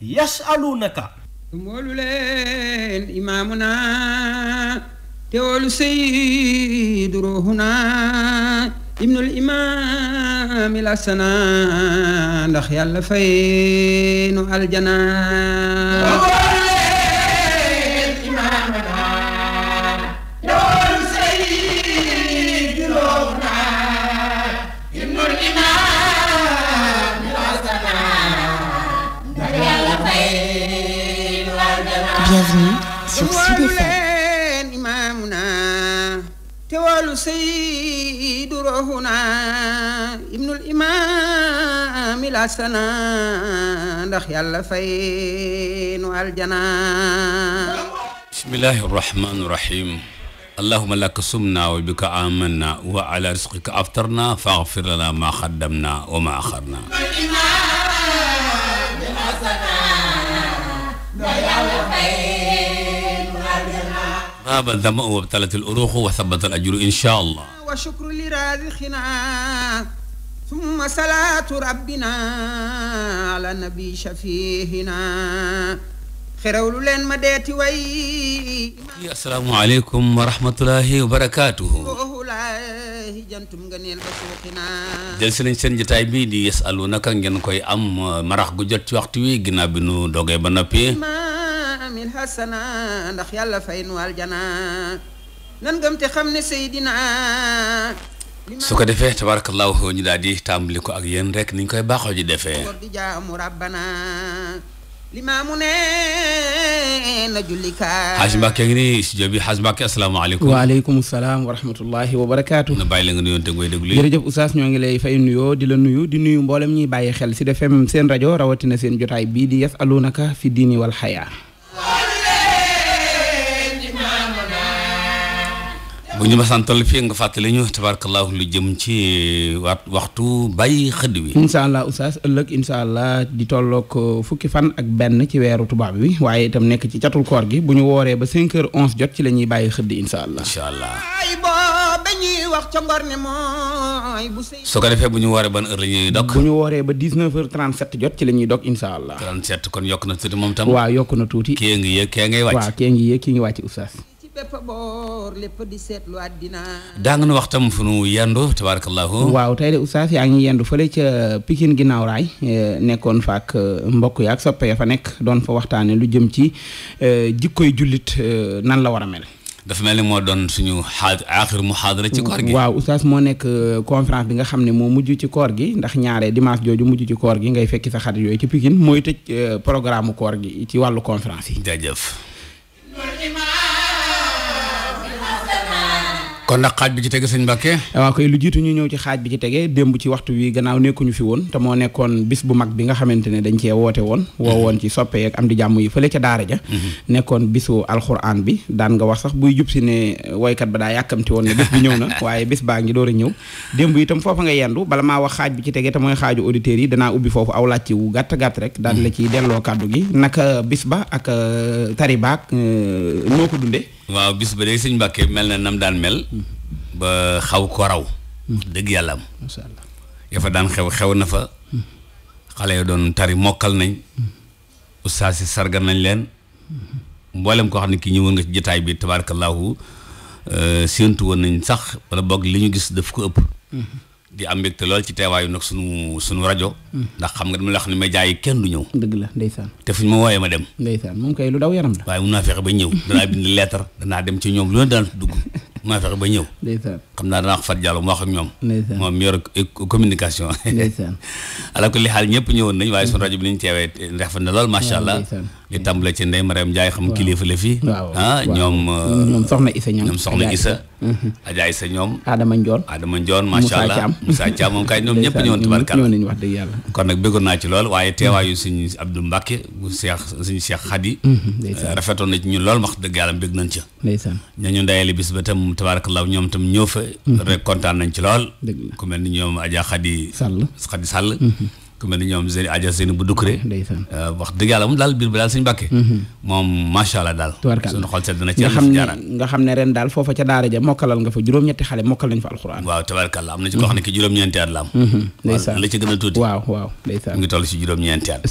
yasalunaka moolu leen imaamuna teewolu sayyidu ruuxuna ibnul imaami lasana ndax yàlla fay nu aljanaa bienvenue sur Sud FM imaamuna te woolu sayyidu ruuhuna ibnul imaami lasana ndax yàlla fay nu aljana bismillahi rahmaani rahim allahuma laka sumna wa bika amanna wa ala risqika aftarna faghfir lana ma qaddamna wa ma akharna غاب الذمأ وابتلت الأروخ وثبت الأجر إن شاء الله وشكر لرازقنا ثم صلاة ربنا على نبي شفيهنا xerawlu leen ma deeti way asalaamu aleykum wa rahmatullahi wa barakaatuhu oxulaahi jantum nga neel ba suuxina jël si nañ seen jotaay bii di yesalu naka ngeen koy am marax gu jot ci waxtu wi ginnaaw bi nu dogee ba noppi min hasana ndax yàlla fay nu aljana nan gëm te xam ne seydina su ko defee tabarakallahu ñu daal di tàmbali ko ak yéen rek niñ koy baaxoo ji defee war di jaamu rabbana limaamu ne na jullikaay xaaj Mbàkke ngi nii studio bi xaaj Mbàkke asalaamaaleykum waaleykum salaam wa rahmatullahi wa barakaatu na bàyyi la nga nuyoon te ngay ñoo ngi lay fay nuyoo di la nuyu di nuyu mboolem ñuy bàyyi xel si defem seen rajo rawatina seen jotaay bii di yasalunaka fi diini wal xayaa bu ñu masaan toll fii nga fàttali ñu tabarakallahu lu jëm ci eh, waat waxtu bàyyi xëdd wi insha allah oustaz ëllëg incha allah di tolloog eh, fukki fan ak benn ci weeru tubaab bi waaye tam nekk ci catul koor gi bu ñu wooree ba cinq heures onze jot ci la ñuy bàyyi xëdd incha allah incha allah su ko defee bu ñu wooree ban heure la ñuy dog bu ñu wooree ba dix neuf heures trente sept jot ci la ñuy dog allah trente kon yokk na tuuti moom tam waaw yokk na tuuti kii ngi yéeg ngay wàcc waaw kii ngi yéeg kii ngi wàcc daa nga nu wax tam fu nu yendu tabaarakallaahu waaw tey de oustaz yaa ngi yendu fële ca Pikine ginnaaw raay eh, nekkoon fa ak eh, mbokk ya ak soppe ya fa nekk doon fa waxtaane lu jëm ci eh, jikkoy jullit nan la war a mel dafa mel ni moo doon suñu xaad mu muhaadara ci koor gi waaw oustaz moo nekk conférence bi nga xam ne moo mujj ci koor gi ndax ñaare dimanche jooju mujj ci koor gi ngay fekki sa xarit yooyu ci Pikine mooy tëj programme koor gi ci wàllu conférence yi jërëjëf kon nag xaaj bi ci tege sañ Mbàkke waaw koy lu jiitu ñu ñëw ci xaaj bi ci tege démb ci waxtu wi gannaaw nekkuñu fi woon te moo nekkoon bis bu mag bi nga xamante ne dañ cee woote woon woo woon ci soppe yeeg am jàmm yi fële daara ja mhm. nekkoon bisu alxuraan bi daan nga wax sax buy jub si ne woykat ba daa yàkkamti woon ne bis bi ñëw na waaye bis baa ngi door a ñëw démb itam foofa nga yendu bala maa wax xaaj bi ci tege te mooy xaaju auditeurs yi danaa ubbi foofu aw laaj wu gàtt gàtt rek daan la mhm. ciy delloo kàddu gi naka bis ba ak euh, tari baak euh, noo ko dunde waaw bis ba de sëñ Mbàkke mel na nam daan mel ba xaw ko raw dëgg yàlla am masha Allah daan xew xew na fa xale ya doon tari mokkal nañ ustaas si sargal nañ leen mboolem koo xam ne kii ñëwoon nga ci jotaay bi tabaarakallaahu euh, séentu woon nañ sax wala boog li ñu gis daf ko ëpp di am te lool ci teewaayu nag sunu sunu rajo. Mm. ndax xam nga dama la wax ne média yi kenn du ñëw. dëgg la ndeysaan. te fuñ ma wooyee ma dem. ndeysaan moom koy lu daw yaram la. waaye mun naa fexe ba ñëw. danaa bind lettre danaa dem ci ñoom lu ne daan dugg. maa fexe ba ñëw. ndeysaan xam naa danaa wax Fatou Diallo mu wax ak ñoom. moom yor communication. ndeysaan ala kulli xaal ñëpp ñëwoon nañ waaye sunu rajo bi ni ñu teewee rafet na lool macha allah. li tàmbale ci Ndeye Mariam Ndiaye xam kilifa la fi. waaw ah ñoom. Euh, ñoom Soxna Issa ñoom ñoom Soxna Issa. Mhm. Adja Issa ñoom. Adama Ndiol Adama Ndiol macha allah Moussa Thiam moom kay ñoom ñëpp ñu tubarkalla ñëw nañu wax dëgg yàlla. kon nag bëggoon naa ci lool waaye teewaayu suñu Abdou Mbacke bu Cheikh suñu Cheikh Khady. Mhm, euh, rafetoon na ci ñun lool wax dëgg yàlla bëgg nañ ca. ndeysaan ñooñu ndayeeli bis ba tam tabarakalla ñoom tam ñëw fa. Mhm. rek kontaan nañ ci lool. dëgg la ku mel ni ñoom Adja Khady Sall Khady Sall ku mel ni ñoom seen aja seen bu dukkure euh, wax dëgg yàlla moom daal biir bi daal suñu bàkke mhm. moom macha allah daal nga xam ne ren daal foofa ca daara ja mokkalal nga fa juróom-ñetti xale mokkal nañ fa alxuraan waaw tabaarkalla am na ci koo xam ne ki juróom-ñeenti at la am mhm. ndeysaan la ci gën a tuuti waaw waaw mu ngi toll si juróom-ñeenti at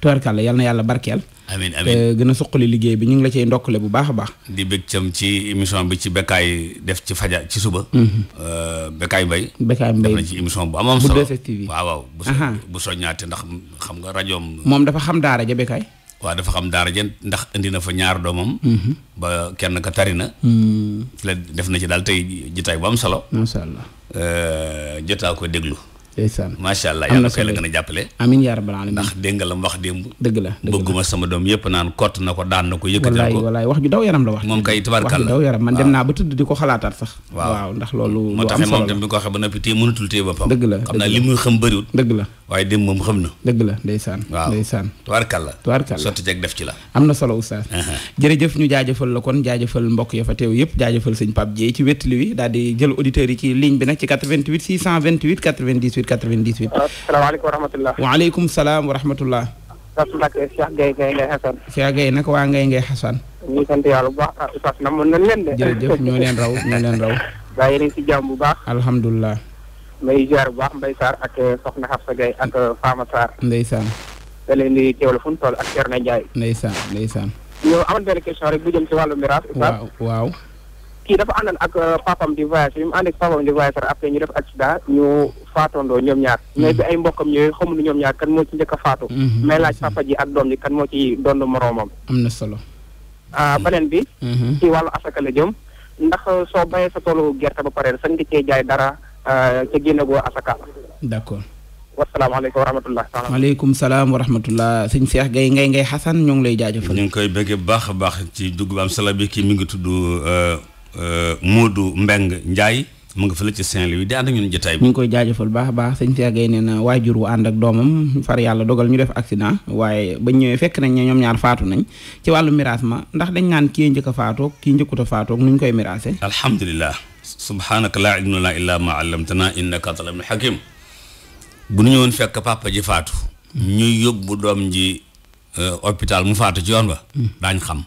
tubarkàlla yal na yàlla barkeel amiin amiin gën a suqali liggéey bi ñu ngi la ciy ndokkale bu baax baax di bëgg cam ci émission bi ci bekkaay def ci faja ci suba mhm. euh, bekkaay mbay bekkaay mbay def na ci émission bu am am solo waaw waaw bu soññaate ndax xam nga rajoom moom dafa xam daara ja bekkaay waa dafa xam daara ja ndax indi na fa ñaar doomam mhm. ba kenn ka tari na mhm. la def na ci daal tey jitaay bu am solo macha allah euh, jotaa ko déglu ndeysaan macha allah yàlla koy la gën a jàppale amin yaa rabbal alamin ndax dégg nga wax démb dëgg la bëgguma sama doom yëpp naan kott na ko daan na ko yëkkati ko walaay wax ju daw yaram la wax moom kay tubaarkàlla daw la xam naa la waaye démb moom def ci la am na solo oustaz uh-huh. jërëjëf ñu jaajëfal la kon jaajëfal mbokk ya fa teew yëpp jaajëfal sëñ Pape Dieye ci wettali wi daal jël auditeurs yi ci ligne bi nag ci 88 628 98 98 98. asalaamaaleykum wa rahmatulah. waaleykum salaam wa rahmatulah. Oustaz Mbacke Cheikh Gueye Gueye Ngay Xasan. Cheikh Gueye naka waa Ngay Ngay Xasan. ñu sant yàlla bu baax ah, Oustaz na mën nañ leen de. jërëjëf ñoo leen raw ñoo leen raw. bàyyi nañ si jàmm bu baax. alhamdulilah. may ziar bu baax Mbaye Sarr ak eh, Soxna Xafsa Gueye ak eh, Fama Sarr. ndeysaan. da leen di teewlu fu mu toll ak Thierno Ndiaye. ndeysaan ndeysaan. ñu amoon benn question rek bu jëm si wàllu miraas. waaw waaw. kii dafa àndoon ak euh, papam di voyage bi mu ànd ak papam ñu def accident ñoom ñaar mm-hmm. mais bi ay mbokkam ñooyu xamuñu ñoom ñaar kan moo ci njëkk a faatu mm-hmm. mais laaj papa ji ak doom ji kan moo ci dond moroomam am na solo ah mm-hmm. beneen bi ci wàllu asaka la jëm ndax euh, soo bayee sa toolu gerte ba pare sa nga cee jaay dara euh, ca génne goo asaka d'accord wasalaamaaleykum wa rahmatulah. waaleykum salaam wa rahmatulah sëñ Cheikh Gaye ngay ngay xasan ñoo ngi lay jaajëfal. ñu ngi koy bëggee baax a baax ci dugg ba am sala bi mi ngi tudd. Euh, Modou Mbeng Ndiaye mu nga fële ci Saint-Louis di ànd ak ñun jotaay bi. ñu ngi koy jaajëfal baax a baax sëñ Cheikh Gueye ne na waajur wu ànd ak doomam far yàlla dogal ñu def accident waaye bañ ñëwee fekk nañ ne ñoom ñaar faatu nañ ci wàllu miraas ndax dañ naan kii njëkk a faatoog kii njëkkut a faatoog nu ñu koy miraase. alhamdulilah subhaanaka laa ilma lanaa illaa maa allamtanaa innaka antal alimul hakim bu ñu ñëwoon fekk papa ji faatu. ñuy yóbbu doom ji euh, hôpital mu faatu ci yoon ba. Hmm. daañ xam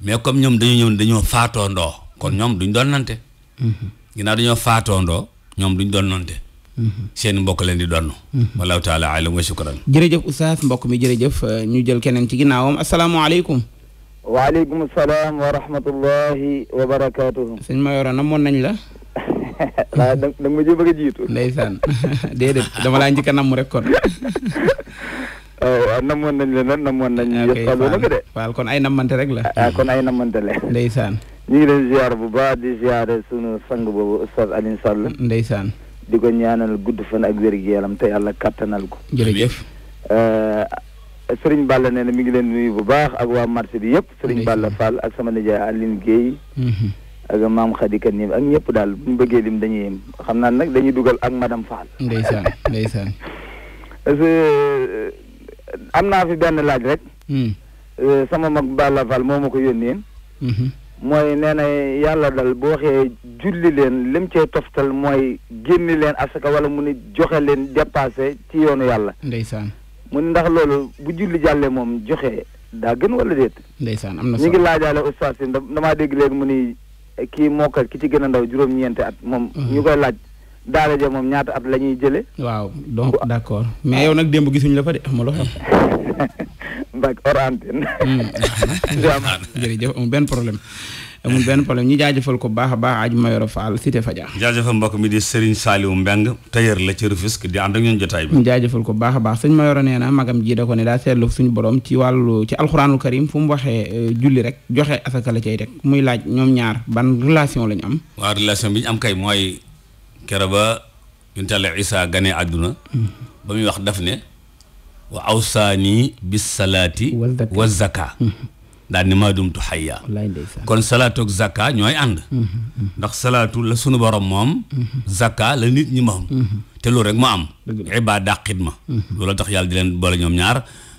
mais comme ñoom dañu ñëw dañoo faatoo ndoo kon ñoom duñ donnante mhm. ginnaaw dañoo faatoondoo ñoom duñ donnante mhm. seen mbokk leen di donn mhm. wallahu taala alam wa shukran jërëjëf oustaz mbokk mi jërëjëf euh, ñu jël keneen ci ginnaawam asalaamaaleykum waaleykum salaam wa rahmatullahi wa barakaatuhu sëñ Mayoro namoon nañ la dama da nga ma jë bëgg a jiitu dama laa njëkk a namm rek kon waaw oh, ah, namoon nañ leen lan namoon nañ. Ah, ok faal faal kon ay rek la. ah kon ay namante la. ndeysaan. mi ngi leen ziar bu baax di ziare sunu sang boobu Oustaz Alioune Sall. ndeysaan. di ko ñaanal gudd fan ak wér gu te yàlla kattanal ko. jërëjëf. Ah, Sëriñ Balla nee na mi ngi leen nuyu bu baax ak waa marché bi yëpp. Sëriñ Balla Fall ak sama nijaay Alioune Guèye. Mhm. ak maam Khadika Nim ak ñëpp daal bu ñu bëggee lim dañuy xam naa nag dañuy dugal ak madame Fall. ndeysaan ndeysaan. am naa fi benn laaj rek. Hmm. Euh, sama mag Balla Fall moo ma ko yónnee. Hmm. mooy nee na yàlla dal boo waxee julli leen lim cee toftal mooy génni leen asaka wala mu ni joxe leen dépassé ci yoonu yàlla. ndeysaan mu ni ndax loolu bu julli jàllee moom joxe daa gën wala déet. ndeysaan am na solo ñu ngi laajaale oustaz damaa dégg léegi mu ni kii mokkal ki ci gën a ndaw juróom-ñeenti at moom. Hmm. ñu koy laaj. daal ja moom ñaata at la ñuy jëlee. waaw donc d' accord mais yow nag démb gisuñu la fa de amuloo xam. mbak orantine. Hmm, jërëjëf amul benn problème amul benn problème ñi jaajëfal ko baax a baax aaj ma yoro Fall cité Fadia. jaajëfal mbokk mi di Serigne Saliou Mbeng tailleur la ci Rufisque di ànd ak ñun jotaay bi. jaajëfal ko baax a baax sëñ ma yoro nee na magam ji da ko ne daa seetlu suñu borom ci wàllu ci alxuraanul karim fu mu waxee euh, julli rek joxe asaka la cay rek muy laaj ñoom ñaar ban relation la ñu am. waaw bi ñu am kay mooy. kere ba yonent Yàlla Isaa gane àdduna ba muy wax daf ne wa awsaani bis salaati wa zaka daal ni dumtu xayya kon salaatu ak ñooy ànd ndax salaatu la sunu borom moom zaka la nit ñi moom mhm. te loolu rek mu am ibaada xidma mhm. loolu tax yàlla di leen boole ñoom ñaar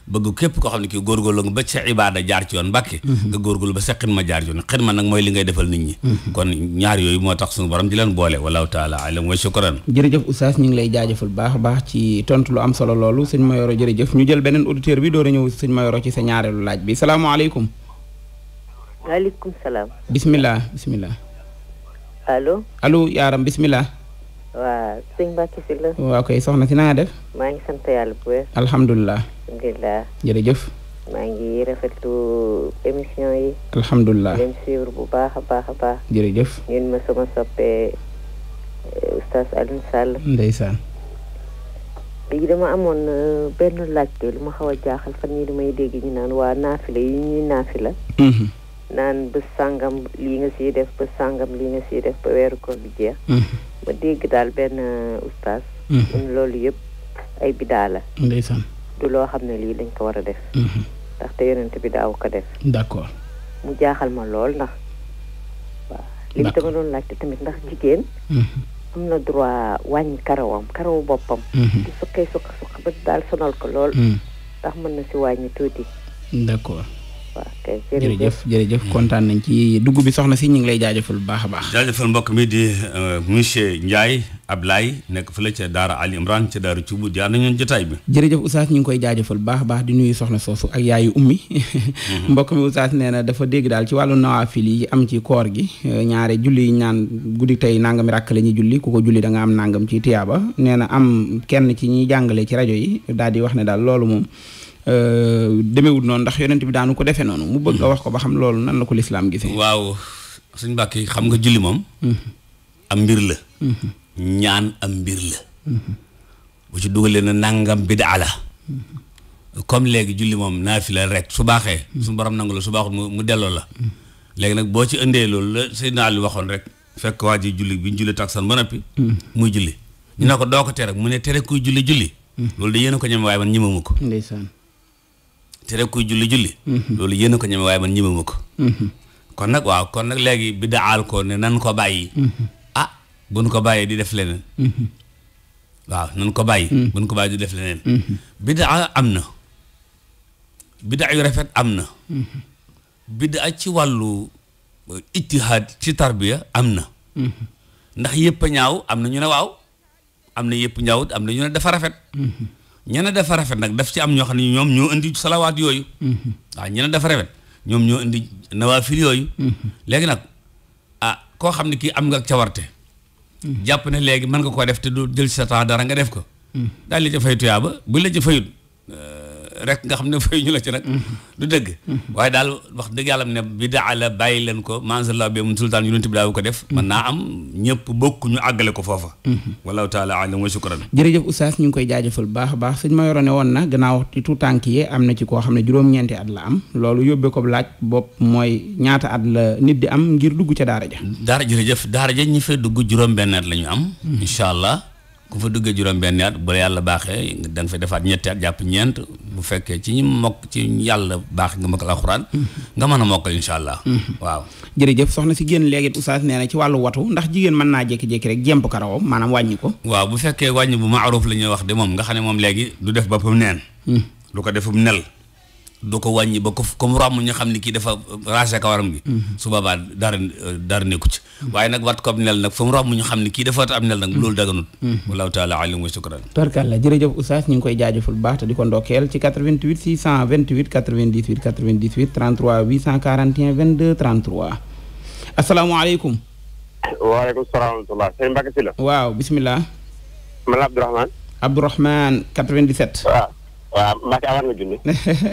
bëgg képp koo xam ne kii góorgóorlu nga ba sa ibaada ba sa xidma jaar ci yoon xidma nag mooy li ngay defal nit ñi mm-hmm. kon ñaar yooyu moo tax suñu borom di leen boole wallahu taala alam wa shukran jërëjëf oustaz ñu ngi lay jaajëfal baax baax ci tontu lu am solo loolu ma Mayoro jërëjëf ñu jël beneen auditeur bi doo a ñëw sëñ Mayoro ci sa ñaareelu laaj bi salaamaaleykum waaleykum salaam bismillah bismillah allo yaaram bismillah waaw sëñ Mbacke Sylla. waaw kay soxna si na def. maa ngi sant yàlla bu wér. alhamdulilah. alhamdulilah. jërëjëf. maa ngi rafetlu émission yi. alhamdulilah leen suivre bu baax a baax a baax. jërëjëf. ñun ma sama soppee eh, oustaz Alioune Sall. ndeysaan. léegi ma amoon euh, benn laajte lu ma xaw a jaaxal fan yii damay dégg ñu naan waa naafila yi ñuy naafila. Mhm. naan bés sàngam lii nga siy def bés sàngam lii nga siy def ba weeru koor bi mhm. ma dégg daal benn oustaz uh, mhm. loolu yëpp ay bidaa la du loo xam ne lii dañ ko war a def mhm. ndaxte yonent bi daaw ko def d'accord mu jaaxal ma lool ndax waaw li mu dama doon laajte tamit ndax jigéen am na droit wàññi karawam karawu boppam di sukkay sukk sukk ba daal sonal ko lool ndax mën na ci wàññi tuuti d'accord waaw jërëjëf jërëjëf kontaan nañ ci dugg bi soxna si ñu ngi lay jaajëfal bu baax a baax. jaajëfal mbokk mi di euh, monsieur Ndiaye Ablaye nekk fële ca Daara Ali Imran ca Daara Cuubu jaar nañu jotaay bi. jërëjëf Oustaz ñu ngi koy jaajëfal bu baax a baax di nuyu soxna soosu ak yaayu ummi. Mhm. mbokk mi Oustaz nee na dafa dégg daal ci wàllu nawaafil yi am ci koor gi euh, ñaare julli yi ñaan guddi tey nangami rakk la ñuy julli ku ko julli da nga am nangam ci tiyaaba nee na am kenn ci ñuy jàngale ci rajo yi daal di wax ne daal loolu moom Euh, demewut noonu ndax yonent bi daanu ko defee noonu mu bëgg nga mhm. wax ko ba xam loolu nan la ko lislaam gisee waaw suñ mbàkk xam nga julli moom mhm. am mbir la mhm. ñaan am mbir la bu ci dugalee na nangam bidaa la comme léegi julli moom naa naafila rek su baaxee suñu borom nangu la su baaxul mu delloo la léegi nag boo ci indee loolu la naa Ali waxoon rek fekk waa ji julli bi ñu julli taksan ba noppi muy julli ñu ne ko doo ko tere mu ne tere kuy julli julli loolu da a ko ñeme waaye man ñimamu ko tere kuy julli julli. Mm-hmm. loolu yéen a ko ñeme waaye man ñemewuma ko. Mm-hmm. kon nag waaw kon nag léegi bi daal ko ne nan ko bàyyi. Mm-hmm. ah bu nu ko bàyyee di def leneen. waaw nan ko bàyyi. ko bàyyi di def leneen. am na. bidaa yu rafet am na. bidaa ci wàllu ittihaad ci tarbiya am na. ndax yëpp ñaaw am na ñu ne waaw am na yëpp ñaawut am na ñu ne dafa rafet. ñene dafa rafet nag def ci am ñoo xam ne ñoom ñoo indi salawaat yooyu mhm. waaw ñene dafa rafet ñoom ñoo indi nawaafil yooyu mhm. léegi nag ah koo xam ne kii am nga cawarte mhm. jàpp ne léegi mën nga koo def te du jël sa temps dara nga def ko daal li ci fay ba bu la ci fayut euh, rek nga xam ne fay ñu la ci rek mm-hmm. du dëgg mm-hmm. waaye daal wax dëgg yàlla ne bidaa la bàyyi leen ko mansallah bi mun sultaan yonent bi daaw ko def mm-hmm. mën naa am ñëpp bokk ñu àggale ko foofa wallahu taala alam wa shukran jërëjëf oustaz ñu ngi koy jaajëfal baax baax sëñ ma yoro ne woon na gannaaw ci tànk yi am na ci koo xam ne juróom-ñeenti at la am loolu yóbbee ko laaj bopp mooy ñaata at la nit di am ngir dugg ca daara ja daara jërëjëf daara ja ñi fay dugg juróom benn la ñu am incha allah ku fa duggee juróom benn at bu la yàlla baaxee da fa defaat ñetti at jàpp ñeent bu fekkee ci ñi mokk ci yàlla baax nga mokkal alxuraan nga mën a mokkal incha allah mm-hmm. waaw jërëjëf soxna si génn léegi oustaz nee na ci wàllu watu ndax jigéen mën naa jékki-jékki rek jémp karawam maanaam wàññi ko waaw bu fekkee wàññi bu maaruf la ñuy wax de moom nga xam ne moom léegi du def boppam neen mm. du ko defum nel du ko wàññi ba ko comme romb ñu xam ni kii dafa rangé kawaram gi mhm. su boobaa dara dara nekku ci mhm. waaye nag wat ko ab nel nag fa mu romb ñu xam ni kii dafa am nel nag loolu mhm. daganut wallahu taala alam wa shukran barkalla jërëjëf oustaz ñu ngi koy jaajëfal bu baax te di ko ndokkeel ci 88 628 98 98 33 841 22 33 asalaamaaleykum waaleykum salaam wa rahmatullah sëñ Mbacke Sylla waaw bisimillah man la Abdourahmane Abdourahmane 97 waaw waaw Mbacke awaat nga junni.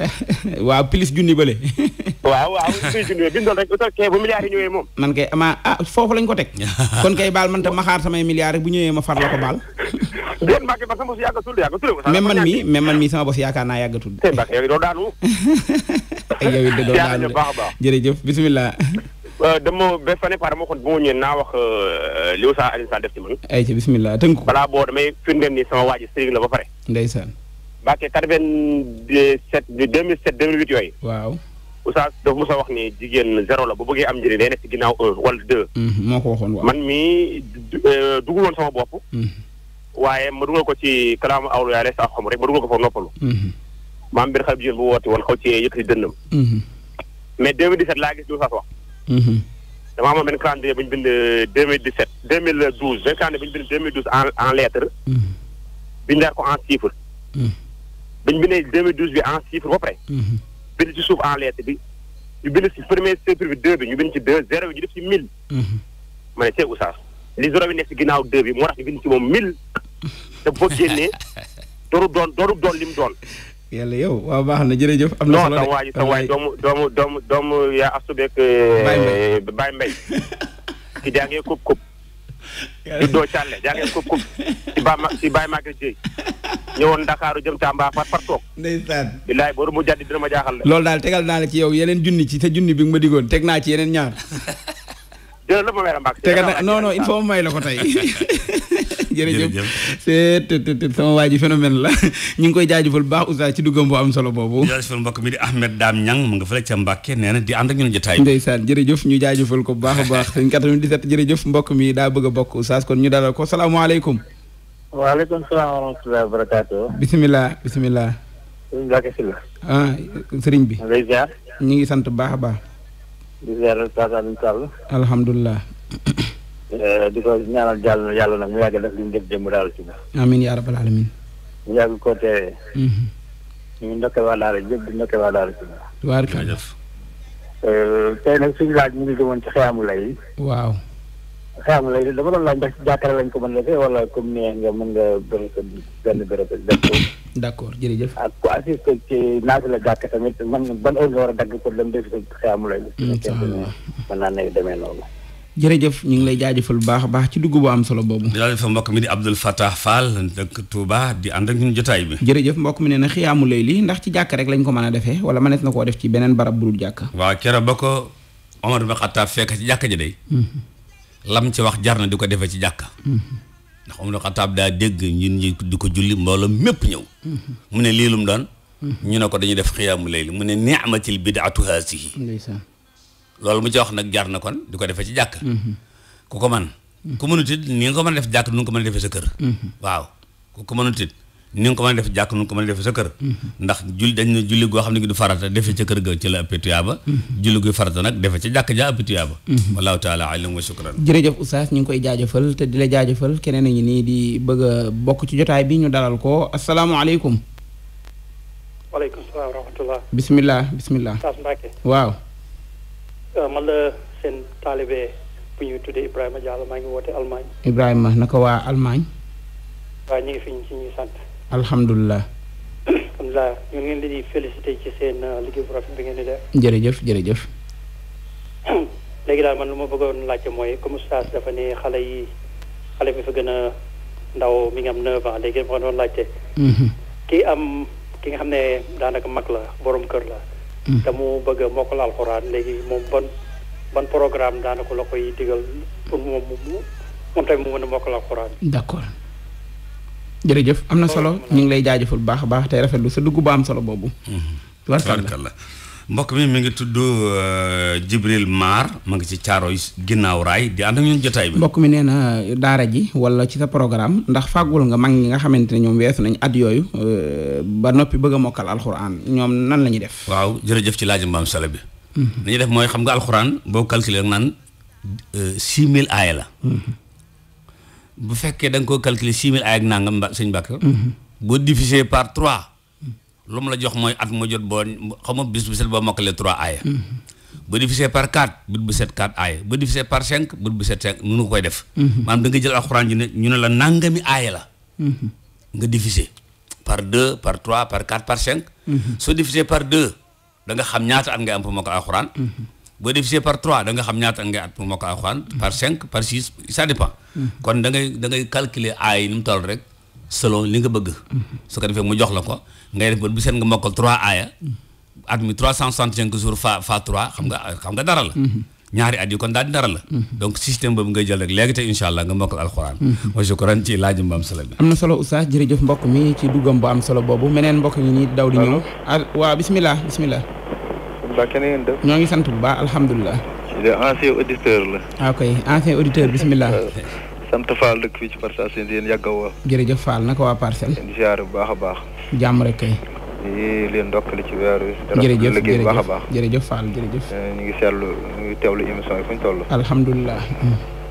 waaw plus junni bële. waaw waaw plus junni bi bu toogee bu milliards yi ñëwee moom. man kay ama ah foofu lañ ko teg. kon kay baal man tam ma xaar samay milliards rek bu ñëwee ma far la ko baal. déet Mbacke ba sama bos man mii même man mii sama bos yaakaar naa yàggatul. tey eh, Mbacke yow doo daanu. ak jërëjëf bisimilah. Euh, dama ba fane par dama xoon naa wax euh, li Oustaz Alioune Sall def ci man. ay ci bisimilah ko. balaa boo damay firndeel ni sama waa ji sëriñ la ba pare. ndeysaan Bakke quatre vingt sept deux mille sept deux mille huit yooyu. waaw Oustaz dafa mos a wax ni jigéen zéro la bu bëggee am njëriñ day nekk ginnaaw un wala deux. Hmm, moo ko waxoon waaw man mii euh, dugg sama bopp. Hmm. waaye ma dugal ko ci kalaamu awlu yaale sa xam rek ma dugal ko fa noppalu. Hmm. maam mbir xale bu jigéen bu woote woon xaw ci yëkkati dënnam. mais 2017 laa gis lu sax wax. damaa amoon benn calendrier bu ñu bind 2017 euh, benn calendrier bu bind 2012 en en lettre. bindaat dañ bind 2012 bi en chiffre ba pare. Mhm. bind ci suuf en lettre bi ñu bind ci premier chiffre bi 2 bi ñu bind ci 2 0 bi ñu def ci 1000. Mhm. ma ne Cheikh Oustaz li 0 bi nekk ci ginnaaw 2 bi moo tax ñu bind ci moom 1000 te boo génnee dooru doon dooru doon li mu doon. yàlla yow waaw baax na jërëjëf. am na solo de doomu doomu doomu doomu yaa astubeeg. Baye euh, Mbaye Baye Mbaye. ki jàngee kub kub. juddoo Thialé jàngee ko kum ci Baye Ma ci Baye ñëwoon Ndakaaru jëm Tamba par par toog. ndeysaan. billaay booru mu jàddi dina ma jaaxal. loolu daal tegal naa la ci yow yeneen junni ci sa junni bi ma digoon teg naa ci yeneen ñaar. jërëjëf la ma may la te nga non non il faut ma may la ko tey. jërëjëf jërëjëf sama waa ji la ñu ngi koy jaajëfal baax oustaz ci duggam boo am solo boobu jaajëfal mbokk mi di Ahmed Dame Niang mu nga fële ca Mbàkke nee na di ànd ak ñun jotaay ndeysaan jëf ñu jaajëfal ko bu baax a baax sëñ 97 jëf mbokk mi daa bëgg a bokk oustaz kon ñu dalal ko salaamaaleykum waaleykum salaam wa rahmatulah wa ah, sëriñ bi ñu ngi sant baax a baax di leeral Paa Alioune Sall. alhamdulilah. Eh, di ñaanal yàlla nag mu yàgg def li mu def jëmm daal ci moom. amiin yaa rabbal aalamiin. mu yàgg ko teewee. Mhm. ñu ndokkee waa daara jëpp di ndokkee waa daara ci moom. waar ka tey nag suñu laaj ñu ngi jëmoon ci xiyaamu lay. waaw. xiyaamu lay dama doon laaj ndax lañ ko mën defee wala comme ni nga mën nga bërëb benn bërëb def ko. d'accord jërëjëf. ak ku ko ci naaj la gàkk tamit man ban heure dagg pour dem def xiyaamu lay. incha allah naa ne demee noonu. jërëjëf ñu ngi lay jaajëfal bu baax a baax ci dugg boo am solo boobu. di daal fa mbokk mi di Abdoul Fattah Fall dëkk Touba di ànd ak ñun jotaay bi. jërëjëf mbokk mi nee na xiyaamu lay li ndax ci jàkk rek lañ ko mën a defe wala mënees na koo def ci beneen barab bu dul jàkk. waaw keroog ba ko Omar ba Xattaab fekk ci jàkk ji day mhm. lam ci wax jar na di ko defee ci jàkk mhm. ndax Umar Xataab daa dégg ñun ñi di ko julli mbooloo mépp ñëw mu ne lii lu mu doon ñu ne ko dañuy def mu xiyaamu layli mu ne ni'matil bid'atu haasihi loolu mu ci wax nag jaar na kon du ko defee ci jàkk ku ko man ku mënut it ni nga ko man a def jàkk nu nga ko mën a defee sa kër mhm. waaw ku ko mënut it ni nga ko mën def jàkk nu ko mën def sa kër mm-hmm. ndax julli dañ ne julli goo xam ne gi du farata defe ca kër ga ci la ëpp tuyaaba mm-hmm. julli guy farata nag defe ca jàkk ja ëpp tuyaaba mm-hmm. wallahu taala alam wa shukran jërëjëf oustaz ñu ngi koy jaajëfal te di la jaajëfal keneen a ngi nii di bëgg bokk ci jotaay bi ñu dalal ko asalaamaaleykum waaleykum salaam wa rahmatullah bismillah waaw euh, man la seen taalibe bu ñuy tuddee Ibrahima Diallo maa ngi woote Allemagne Ibrahima naka waa Allemagne waaw ñu alhamdulilah. alhamdulilah ñu ngi félicité ci seen euh, liggéey bu rafet bi ngeen di def. jërëjëf jërëjëf. léegi daal man lu ma bëggoon laajte mooy comme oustaz dafa ne xale yi xale bi fa gën a ndaw mi ngi am 9 ans léegi ma doon laajte. Mhm. kii am ki nga xam ne daanaka mag la borom kër la. Mhm. te bëgg a mokkal alxuraan léegi moom ban ban programme daanaka la koy digal pour moom moom tamit mu mën a mokkal alxuraan. d'accord. jërëjëf am na solo oh. ñu ngi lay jaajëfal bu baax a baax tey rafetlu sa dugg bu am solo boobu. Mm-hmm. tubarkalla mbokk mi mi ngi tudd euh, Jibril mar ma ngi si caaro ginnaaw raay di ànd ak ñun jotaay bi. mbokk mi nee na euh, daara ji wala ci sa programme ndax fàggul nga mag ñi nga xamante ne ñoom weesu nañ at yooyu euh, ba noppi bëgg a mokkal alxuraan ñoom nan la ñuy def. waaw jërëjëf ci laaj mbaam solo bi. Mm-hmm. li def mooy xam nga alxuraan boo nan naan mille aaya la. Mm-hmm. bu fekkee da nga koo calculer six mille ay ak nangam mba sëñ Mbàkke mhm. boo divisé par trois lu mu la jox mooy at mu jot boo xam nga bis bu set boo mokkalee trois aaya mhm. ba divisé par 4 but bu set 4 aaya ba divisé par 5 but bu set 5 nu nga koy def mhm. maanaam da nga jël alxuraan ji ne ñu ne la nangami ay la nga divisé par deux par trois par 4 par cinq soo divisé par 2 da nga xam ñaata at ngay am pour moo alxuraan boo divisé par 3 da nga xam ñaata ngay at pour moo alxuraan par 5 par 6 ça dépend. kon ngay da ngay calculer aay ni mu toll rek selon li nga bëgg. su ko defee mu jox la ko ngay def ba bu seen nga mokkal 3 aaya at mi 365 jours fa fa 3 xam nga xam nga dara la. ñaari at yi kon daal di dara la. donc système boobu ngay jël rek léegi te incha allah nga mokkal alxuraan. ko shukran ci laaj bu am solo bi. am na solo oustaz jërëjëf mbokk mi ci duggam bu am solo boobu meneen mbokk mi nii daw di ñëw. waaw bisimilah Mbacke na ngeen def. ñoo ngi sant bu baax alhamdulilah. le ancien auditeur la. ah ok ancien auditeur bisimilah. Euh, sant Fall dëkk fii ci Parcelles Assainies yéen yàgg a woo. jërëjëf Fall naka waa parcelle. di ziar bu baax a baax. jàmm rek kay. di leen ndokkale ci weer wi. jërëjëf jërëjëf baax a baax. jërëjëf Fall jërëjëf. Euh, ñu ngi seetlu ñu ngi teew lu émission yi fu ñu toll. alhamdulilah.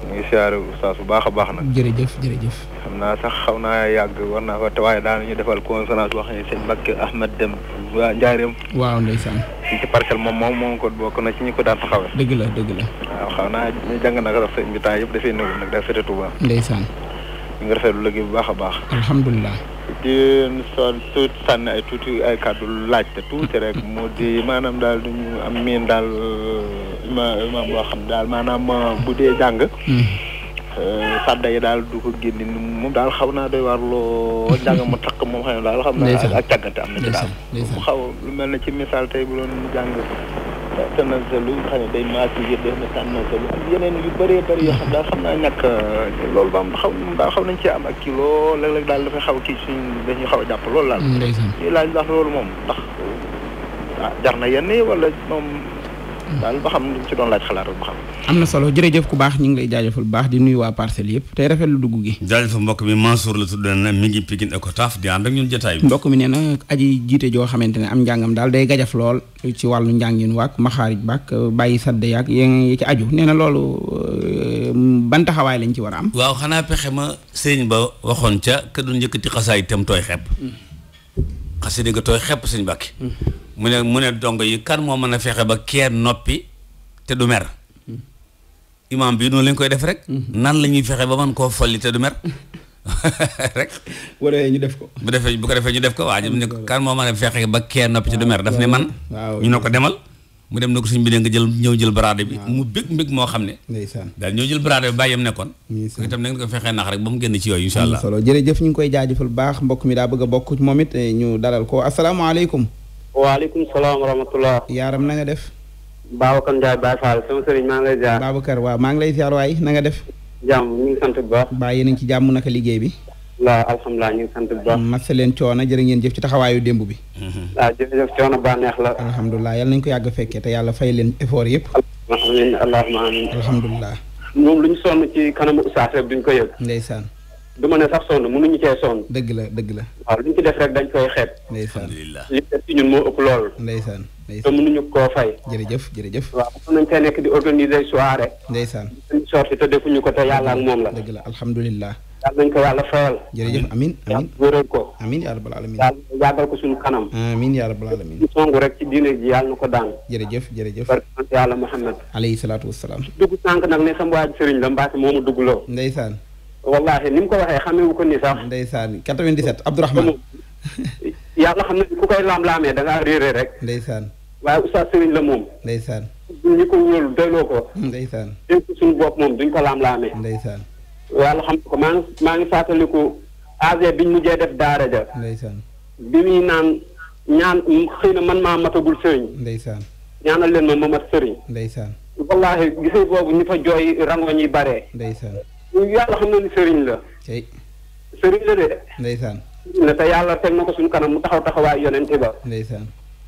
ñu ngi siyaare bu baax a baax na jërëjëf jërëjëf. xam naa sax xaw naa yàgg war naa ko te waaye daan ñu defal conférence wax ni sëñ Mbacke Ahmed Dem waa Njaareem. waaw ndeysaan. fii ci parcelle moom moom moom ko bokk na ci ñi ko daan taxawee. dëgg la dëgg la. waaw xaw naa ñu jàng nag rafet bi temps yëpp defee néew nag dafay fete Touba. ndeysaan. ñu ngi rafetlu liggéey bu baax a baax. alhamdulilah. di son su sànni ay tuuti ay kàddu laajte tuuti rek mu di maanaam daal duñu am miin daal euh, imaam boo xam daal maanaam euh, bu dee jàng sàdda hmm. euh, yi daal du ko génn ni moom daal xaw naa doy waar jàng mu takk moom xam ne daal xam naa ak càggante am na ci daal mu xaw lu mel na ci misaal tey bu doon jàng tanazalu xam ne day maasi yëpp day na tanazalu ak yeneen yu bëree bëri yoo xam daal xam lool ñàkk euh, loolu ba xaw daal xaw nañ cee am ak kilo léeg-léeg daal dafay xaw kii suñ dañuy xaw a jàpp loolu laal ñuy laaj ndax loolu moom ndax ah, jar na yenn wala moom Mm. daal ba xam ci doon laaj xalaat ba xam. am na solo jërëjëf ku baax ñu ngi lay jaajëfal bu baax di nuyu waa parcelle yëpp tey rafetlu dugg gi. jaajëfal mbokk mi Mansour la tudd na mi ngi Pikine Ecotaf di ànd ak jotaay bi. mbokk mi nee na aji jiite joo xamante ne am njàngam daal day gajaf lool ci wàllu njàngin waak maxaarij baak bàyyi sadde yaak yi ci aju nee na loolu euh, ban taxawaay lañ ci war a am. waaw xanaa pexe ma sëñ ba waxoon ca ka doon yëkkati xasaay itam tooy xepp. Mm. xasida ga tooy xepp sëñ Mbàkke mu ne mu ne dongo yi kan moo mën a fexe ba keer noppi te du mer imaam bi noonu lañ koy def rek nan la ñuy fexe ba mën koo folli te du mer rek bu defee ñu def ko bu defee bu ko defee ñu def ko waa ñu kan moo mën a fexe ba keer noppi te du mer daf ne man ñu ne ko demal mu dem na ko suñ bi ne nga jël ñëw jël baraade bi mu bég mbég moo xam ne ndeysaan daal jël baraade bi bàyyam nekkoon ko itam na ngeen ko fexee nax rek ba mu génn ci yooyu incha allah solo jërëjëf ñu ngi koy jaajëfal baax mbokk mi daa bëgg a bokk moom it eh, ñu dalal ko asalaamaaleykum waaleykum salaam wa rahmatullah na nga def Babacar Ndiaye Baye Fall sama sëriñ maa ngi lay ziar Babacar waaw maa ngi lay ziar waay na def jàmm ñu ngi sant bu baax bàyyi nañ ci jàmm naka liggéey bi waaw alhamdulilah ñu ngi sant bu leen coono jërë ngeen jëf ci taxawaayu démb bi. waaw ah, jërëjëf coono bànneex la. alhamdulilah yal nañu ko yàgg fekkee te yàlla fay leen effort yëpp. amiin allahumma amiin. alhamdulilah. moom lu ñu sonn ci kanamu Oustaz rek duñ ko yëg. ndeysaan. du ma ne sax sonn mënuñu ko sonn. dëgg la dëgg la. waaw lu ñu ci def rek dañ koy xeeb. ndeysaan alhamdulilah li def ci ñun moo ëpp lool. ndeysaan ndeysaan te mënuñu koo fay. jërëjëf jërëjëf. waaw mën nañ see nekk di organiser soirée. ndeysaan. sorti te defuñu ko te yàlla ak moom la. dëgg la alhamdulilah yàlla nañ ko yàlla fayal. jërëjëf amin amin wéral ko. amin yaa rabbal alamin. yàlla yàggal ko suñu kanam. amin yaa rabbal alamin. ñu songu rek ci diine ji yàlla ko daan. jërëjëf jërëjëf. barke yàlla Muhammad. alayhi salaatu wasalaam. dugg sànq nag ne sa mbaaj sëriñ la mbaasi moomu dugg loo. ndeysaan. wallaahi ni mu ko waxee xamee wu ko ni sax. ndeysaan 97 Abdourahman. yàlla xam ne ku koy laam-laamee da rek. ndeysaan. waaye oustaz sëriñ la moom. ndeysaan. ñi ko wóolu doyloo ko. ndeysaan. suñu bopp moom duñ ko laam-laamee. ndeysaan yàlla xam ko maa ngi maa ngi fàttaliku AG biñ mujjee def daara ja. ndeysaan bi muy naan ñaan xëy na man maa matagul sëriñ. ñaan ñaanal leen ma ma mat sëriñ. ndeysaan wallaahi gisee boobu ñu fa jooy rangoñ yi bare. ndeysaan yàlla xam na ni sëriñ la. tey sëriñ la de. ndeysaan. na te yàlla teg na ko suñu kanam mu taxaw taxawaay yonente ba. ndeysaan.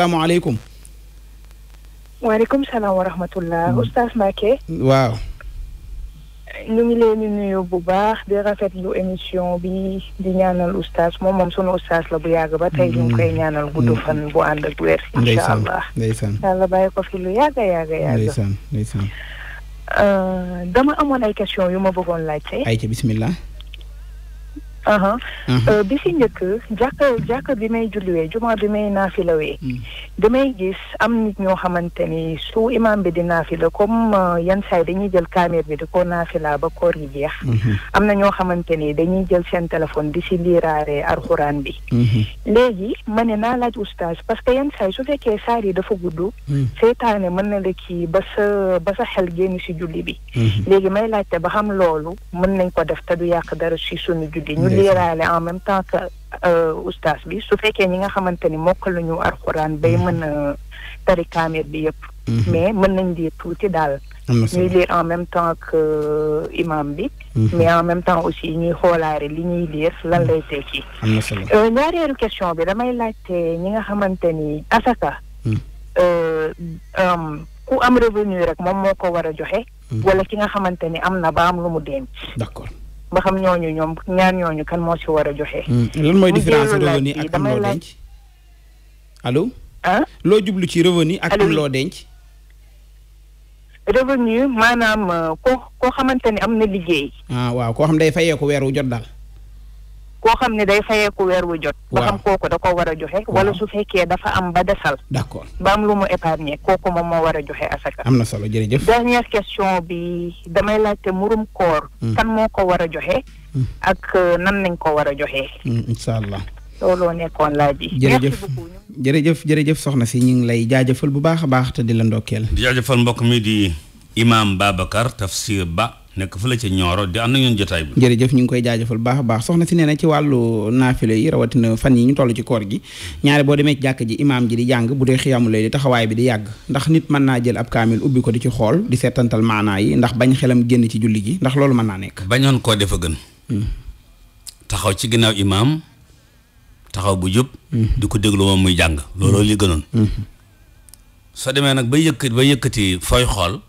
asalaamaaleykum. waaleykum salaam wa rahmatullah mm. oustaz Mbacké. waaw. ñu ngi leen ñu nuyu bu baax di rafetlu émission bi di ñaanal oustaz moom moom sunu oustaz la bu yàgg ba tey ñu ngi koy mm. ñaanal gudd mm. fan bu ànd ak wér. incha allah bàyyi ko lu yàgg a yàgg euh, dama amoon ay question yu ma bëggoon ay ci bismillah. Uh-huh. Mm-hmm. Uh, bi si njëkk jàkka jàkka bi may julliwee juma bi may naafilawee mm. damay gis am nit ñoo xamante ni su imaam bi di naafila comme uh, yan saay dañuy jël kaamir bi di ko naafila ba koor yi jeex mm-hmm. am na ñoo xamante ni dañuy jël seen téléphone di si liiraare alxuraan bi mm-hmm. léegi ma ne naa laaj oustaz parce que yan saay su fekkee saar yi dafa gudd mm. seetaane mën na la kii ba sa ba sa xel génn si julli bi léegi may laajte ba xam loolu mën nañ ko def te du yàq dara si sunu di en même temps que euh, oustaz bi su fekkee ñi nga xamante ni mokkaluñu alxuraan bay mm-hmm. mën a tari kaamir bi yëpp. Mm-hmm. mais mën nañ di tuuti daal. ñuy lire en même temps que euh, imam bi. Mm-hmm. mais en même temps aussi ñuy xoolaare li ñuy lire lan lay tekki. Euh, ñaareelu question bi damay laajte ñi nga xamante ni asaka. Mm. ku am revenu rek moom moo ko war a joxe. wala ki nga xamante ni am na ba am lu mu denc. d'accord. ba xam ñooñu ñoom ñaar ñooñu kan moo ci war a joxe. Hmm. lan mooy différence revenu ak am loo denc allo. Ah? loo jublu ci revenu ak am loo denc. revenu maanaam euh, ko koo xamante ne am na liggéey. ah waaw koo xam day fayee ko weer wu jot daal. koo xam ne day ku weer wu jot. ba xam kooku da ko war a joxe. wala su fekkee dafa am ba desal. d'accord ba am lu mu épargner kooku moom moo war a joxe asaka. am na solo jërëjëf. dernière question bi damay laajte murum koor. Hmm. kan moo ko war a joxe. Hmm. ak euh, nan nañ ko war a joxe. Hmm, incha allah. looloo nekkoon laaj yi. jërëjëf jërëjëf jërëjëf soxna si ñu ngi lay jaajëfal bu baax a baax te di la ndokkeel. di jaajëfal mbokk mi di imaam Babacar Tafsir Ba. nekk fële ca Nioro di ànd ñoon jotaay bi jërëjëf ñu ngi koy jaajëfal baax a baax soxna si nee na ci wàllu naafile yi rawatina fan yi ñu toll ci koor gi ñaare boo demee ci jàkk ji imaam ji di jàng bu dee xiyaamu lay di taxawaay bi di yàgg ndax nit mën naa jël ab kaamil ubbi ko di ci xool di seetantal maanaa ndax bañ xelam génn ci julli gi ndax loolu mën naa nekk bañoon koo a gën hmm. taxaw ci ginnaaw imaam taxaw bu jub hmm. di ko déglu moom muy jàng looloo hmm. li gënoon soo demee nag ba yëkkati ba yëkkati fooy xool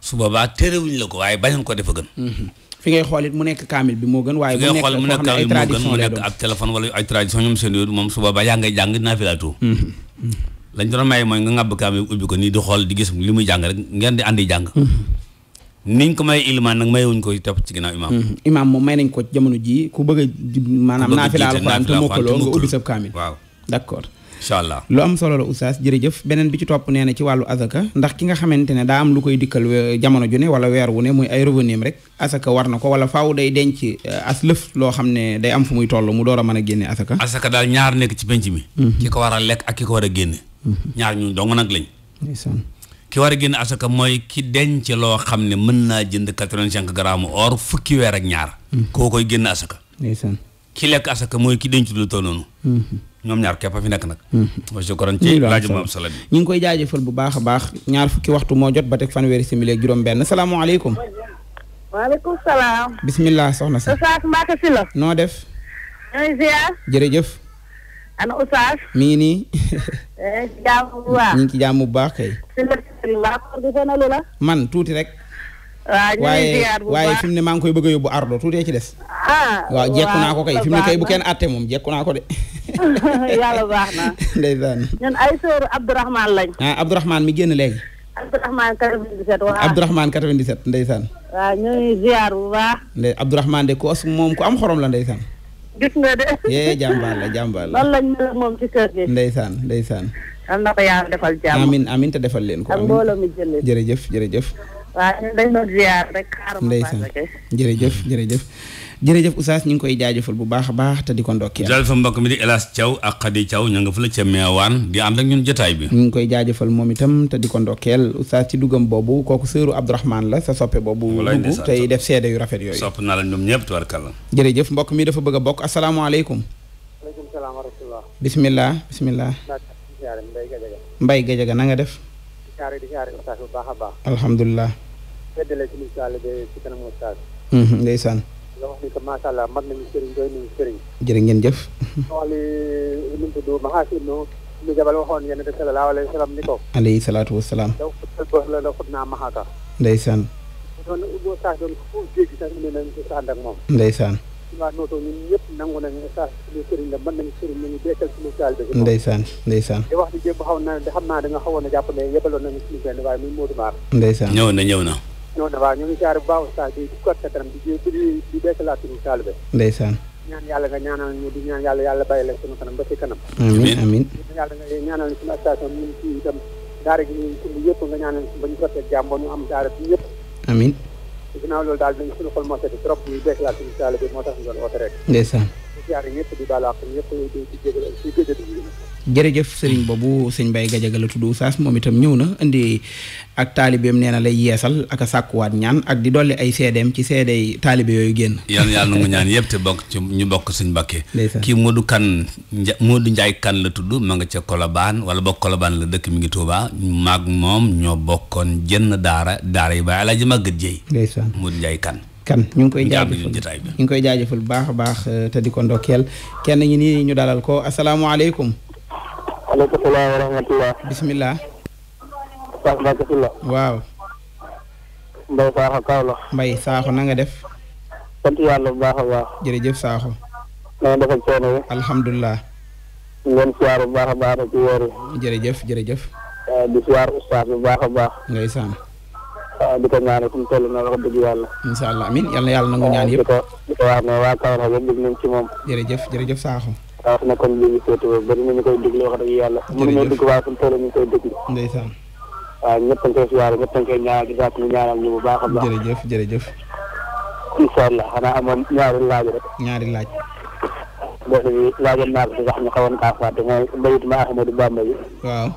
su boobaa terewuñ la ko waaye bañoon ko dafa gën. Mhm. fi ngay xool mu nekk kaamil bi moo gën. waaye mu nekk foo xam ne ay tradition mu nekk ab tradition moom su boobaa yaa ngay jàng naafilaatu. Mhm. Mhm. lañ doon maye mooy nga ngàbb kaamil ubbi ko nii di xool di gis li muy jàng rek ngeen di àndi jàng. niñ ko may ilimaan nag wuñ koy topp ci ginnaaw imaam. imaam moom may nañ ko jamono jii ku bëgg a. maanaam naafila alxuraan te mokkaloo nga ubbi sab kaamil. waaw d' incha allah lu am solo la oustaz jërëjëf beneen bi ci topp nee na ci wàllu asaka ndax ki nga xamante ne daa am lu koy dikkal euh, jamono ju ne wala weer wu ne muy ay revenim rek asaka war na ko wala faaw day denc euh, as lëf loo xam ne day am fu muy toll mu door a mën a génne asaka asaka daal ñaar nekk ci penc mi mhm. ki ko war a lekk ak ko war a génne mhm. ñaar ñu dong nag lañ ki war a génne asaka mooy ki denc loo xam ne mën naa jënd quatre-vingt-cinq grammes or fukki weer ak ñaar mhm. koo koy génne asaka ki lekk asaka mooy ki denc lu toll noonu ñoom ñaar képp a fi nekk nag. monsieur mhm. Korone ci laaj solo bi. ñu ngi koy jaajëfal bu baax a baax ñaar fukki waxtu moo jot ba teg fanweeri simili ak juróom-benn salaamaaleykum. waaleykum salaam. bisimilah soxna si. Oustaz Mbacke noo def. ñooy ziar. jërëjëf. ana Oustaz. mi ngi nii. Eh, ci jàmm bu baax kay. man tuuti rek. waaye waaye fi ne maa ngi koy bëgg a yóbbu ardo tuutee ci ah, bu kenn àtte moom jekku naa ko de. yàlla baax na. ndeysaan. Ah, mi génn léegi. Abdourahman 97 waaw. Abdourahman 97 ndeysaan. waaw ñu ngi ziar bu baax. ndey Abdourahman de ku am xorom la ndeysaan. gis la la. loolu lañ mel moom ci kër gi. ndeysaan ndeysaan. am na ko yàlla defal jàmm. amiin amiin te defal leen ko. ak mbooloo mi jëlee jërëjëf jërëjëf. waaw ñun dañu doon ziar jërëjëf jërëjëf jërëjëf Oustaz ñu ngi koy jaajëfal bu baax a baax te di ko ndokkee. jaajëfal mbokk mi di El Hadj Thiaw ak Khady Thiaw ña nga fa la ca jotaay bi. ñu ngi koy jaajëfal moom itam te di ko ndokkeel Oustaz ci dugam boobu kooku sëru Abdourahmane la sa soppe boobu. dugg tey def seede yu rafet yooyu. sopp naa la ñoom ñëpp tubarkalla. jërëjëf mbokk mi dafa bëgg a bokk asalaamaaleykum. waaleykum salaam wa rahmatulah. bisimilah bisimilah. Mbaye Gajaga na nga def siyaare di siyaare ustaas bu baax a baax alhamdulilah feddale ci liñ sall de ci kanam ustaas mhm, ndeysaan nga wax ni que macha allah mag nañu sëriñ doy nañu sëriñ jërë ngeen jëf nga wax li nu mu tudd maxaasinu ñu jabal waxoon yonent bi sallallahu alayhi wa sallam ni ko alayhi salaatu wasalaam daw futal bor la la xut naa maxaaka waa nootoo ñun ñëpp nangu nañu sax suñu sëriñ la mën nañu sëriñ ñu ngi dekkal suñu taal bi ndeysaan ndeysaan di wax di jéem xaw na xam naa da nga xawoon a jàpp ne yebaloon nañu suñu benn waaye muy Modou Mar ndeysaan ñëw na ñëw na ñëw na waaw ñu ngi jaar bu baax sax di dukkat sa kanam di di di dekkalaat suñu taal bi ndeysaan ñaan yàlla nga ñaanal ñu di ñaan yàlla yàlla bàyyi la suñu kanam ba ci kanam amiin amiin yàlla nga ñaanal suñu station ñun ci itam daara gi ñu sumb yëpp nga ñaanal bañu sottee jàmm ba ñu am daara bi yëpp amiin ginnaaw loolu daal dañ suñu xol moo sedd trop ñu déclaré suñu taalibe bi moo tax ñu doon woote rek ndeysaan di ziare ñëpp di baal àq ñëpp di jërëjëf sëriñ boobu sëñ Mbaye Gadiaga la tudd Oustaz moom itam ñëw na indi ak taalibeem nee na lay yeesal ak a sàkkuwaat ñaan ak di dolli ay seedeem ci seedey taalibe yooyu génn yal na yàlla nangu yëpp te bokk ci ñu bokk suñ Mbàkke kii Modou Kan Modou Njaay Kan la tudd ma nga ca Kolobaan wala bokk la dëkk mi ngi Tuuba maag moom ñoo bokkoon jënn daara daara yi bàyyi alaaji màggat jéy Modou Njaay Kan kan ñu ngi koy jaajëfal ñu ngi koy jaajëfal bu baax a baax te di ko ndokkeel kenn ñi nii ñu dalal ko asalaamaaleykum aleykum bisimilah. Oustaz Mbacké Sylla. waaw. Mbaye Sakho nanga def. sant yàlla bu baax a baax. jërëjëf Sakho. na nga def ak coono bu baax a baax ci weer yi. jërëjëf jërëjëf. Eh, di siyaar Oustaz bu baax a baax. ndeysaan. waaw eh, di ko ñaanal fu mu toll noonu wax yàlla. allah amiin yal na yàlla nangu ñaan yëpp. Eh, di wax ne waa Kaolack yëpp bëgg moom. jërëjëf jërëjëf Sakho. waaw su nekkoon li ñu féetewoo bari na ñu koy yàlla. jërëjëf mënuñoo dugg waaye suñu tool ñu koy déglu. ndeysaan. waaw ñëpp dañ koy siyaare ñëpp dañ koy bu baax a baax. jërëjëf jërëjëf. incha allah xanaa amoon ñaari laaj rek. ñaari laaj. boobu laajoon naa ko si sax ñu xawoon kaa fàtte mooy bayit ma Ahmadou Bamba yi. waaw.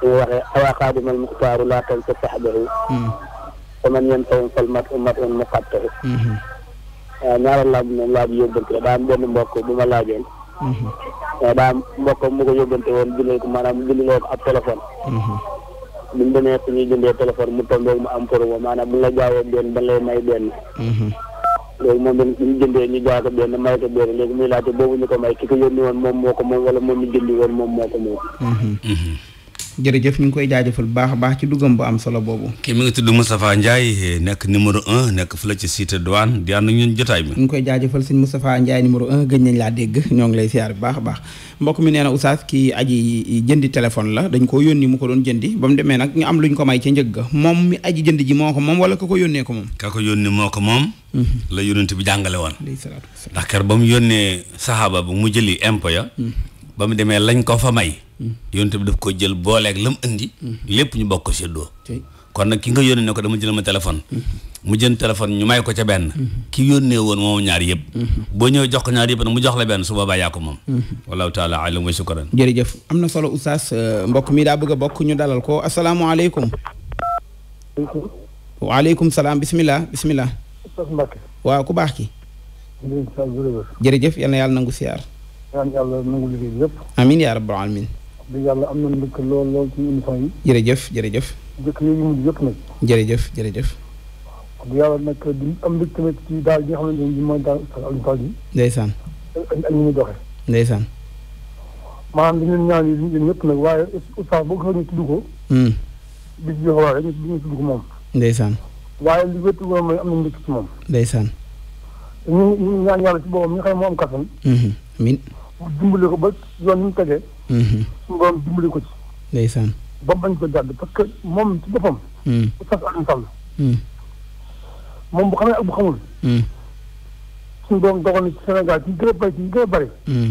su ñu waxee awaa xaadimal muxtaaru laa taw sa saxbahu. te hmm. man yéen tawum fal mat mat un mu xattahu. Hmm. waaw ñaari laaj moom laaj yóbbante la daa am benn mbokk bu ma laajoon mais mm-hmm. daa mbokkam mu ko yóbbante woon jëndee ko maanaam jëndiloo ko ab téléphone mm-hmm. bi mu demee fi ñuy jëndee téléphone mu tombé mu am promo maanaam bu la jaayee benn dañ lay may benn mm-hmm. léegi moom dañ ñu jëndee ñu jaay ko benn may ko benn léegi muy laajte boobu ñu ko may ki ko yónni woon moom moo ko moom wala moom ñu jëndi woon moom moo ko moom jërëjëf ñu ngi koy jaajëfal bu baax a baax ci duggam bu am solo boobu. kii mi ngi tudd Moustapha Ndiaye nekk numéro en nekk fu la ci cité douane di ànd ñun jotaay bi. ñu ngi koy jaajëfal sëñ Moustapha Ndiaye numéro un gëj nañ laa dégg ñoo ngi lay siyaar bu baax a baax mbokk mi nee na oustaz kii aji jëndi téléphone la dañ koo yónni mu ko doon jëndi ba mu demee nag ñu am luñ ko may ca njëg ga moom mi aji jënd ji moo ko moom wala ka ko yónnee ko moom. ka ko yónni moo ko moom. Mhm. la yónnent bi jàngale woon. ndax ker ba mu yónnee saxaaba bu mu jëli impo ya mhm. ba mu demee lañ ko fa may yonent bi daf ko jël booleek lam indi lépp ñu bokk ko kon nag ki nga yónnee ne ko dama jël ma téléphone mu jën téléphone ñu may ko ca benn ki yónnee woon moom ñaar yëpp boo ñëw jox ko ñaar yëpp nag mu jox la benn su boobaa moom wallahu taala alam wa am na solo oustaz euh, mbokk mi daa bëgg a bokk dalal ko asalaamaaleykum salaam bisimilah bisimilah waaw ku baax ki jërëjëf yal na yàlla nangu siyaar yàlla nangu liggéey yëpp amin yaa rabbal alamin dëgg yàlla am na mbégte lool lool ci émission yi. jërëjëf jërëjëf. njëkk yooyu mujj yëpp nag. jërëjëf jërëjëf. wax dëgg yàlla nag di am mbégte nag ci daal bi nga xamante ne bii mooy daal Alioune Fall bi. ndeysaan. ak ñu muy doxee. ndeysaan. maanaam dañu leen ñaan yi yéen ñëpp nag waaye oustaz boo ko ñu tudd ko. Hmm. bis bi xaw a rek ñu tudd ko moom. ndeysaan. waaye li wétu woon mooy am na mbégte ci moom. ndeysaan. ñu ñu ñaan yàlla ci boppam ñu xam ne moo am kattan. Hmm. min dimbale ko ba yoon ni mu tegee suñu mm-hmm. borom ko ci. ndeysaan. ba mu bañ ko jàdd parce que moom ci boppam. oustaz mm. Alioune Sall. Mm. moom bu xamee ak bu xamul. Mm. suñu ci Sénégal ci gën a bëri ci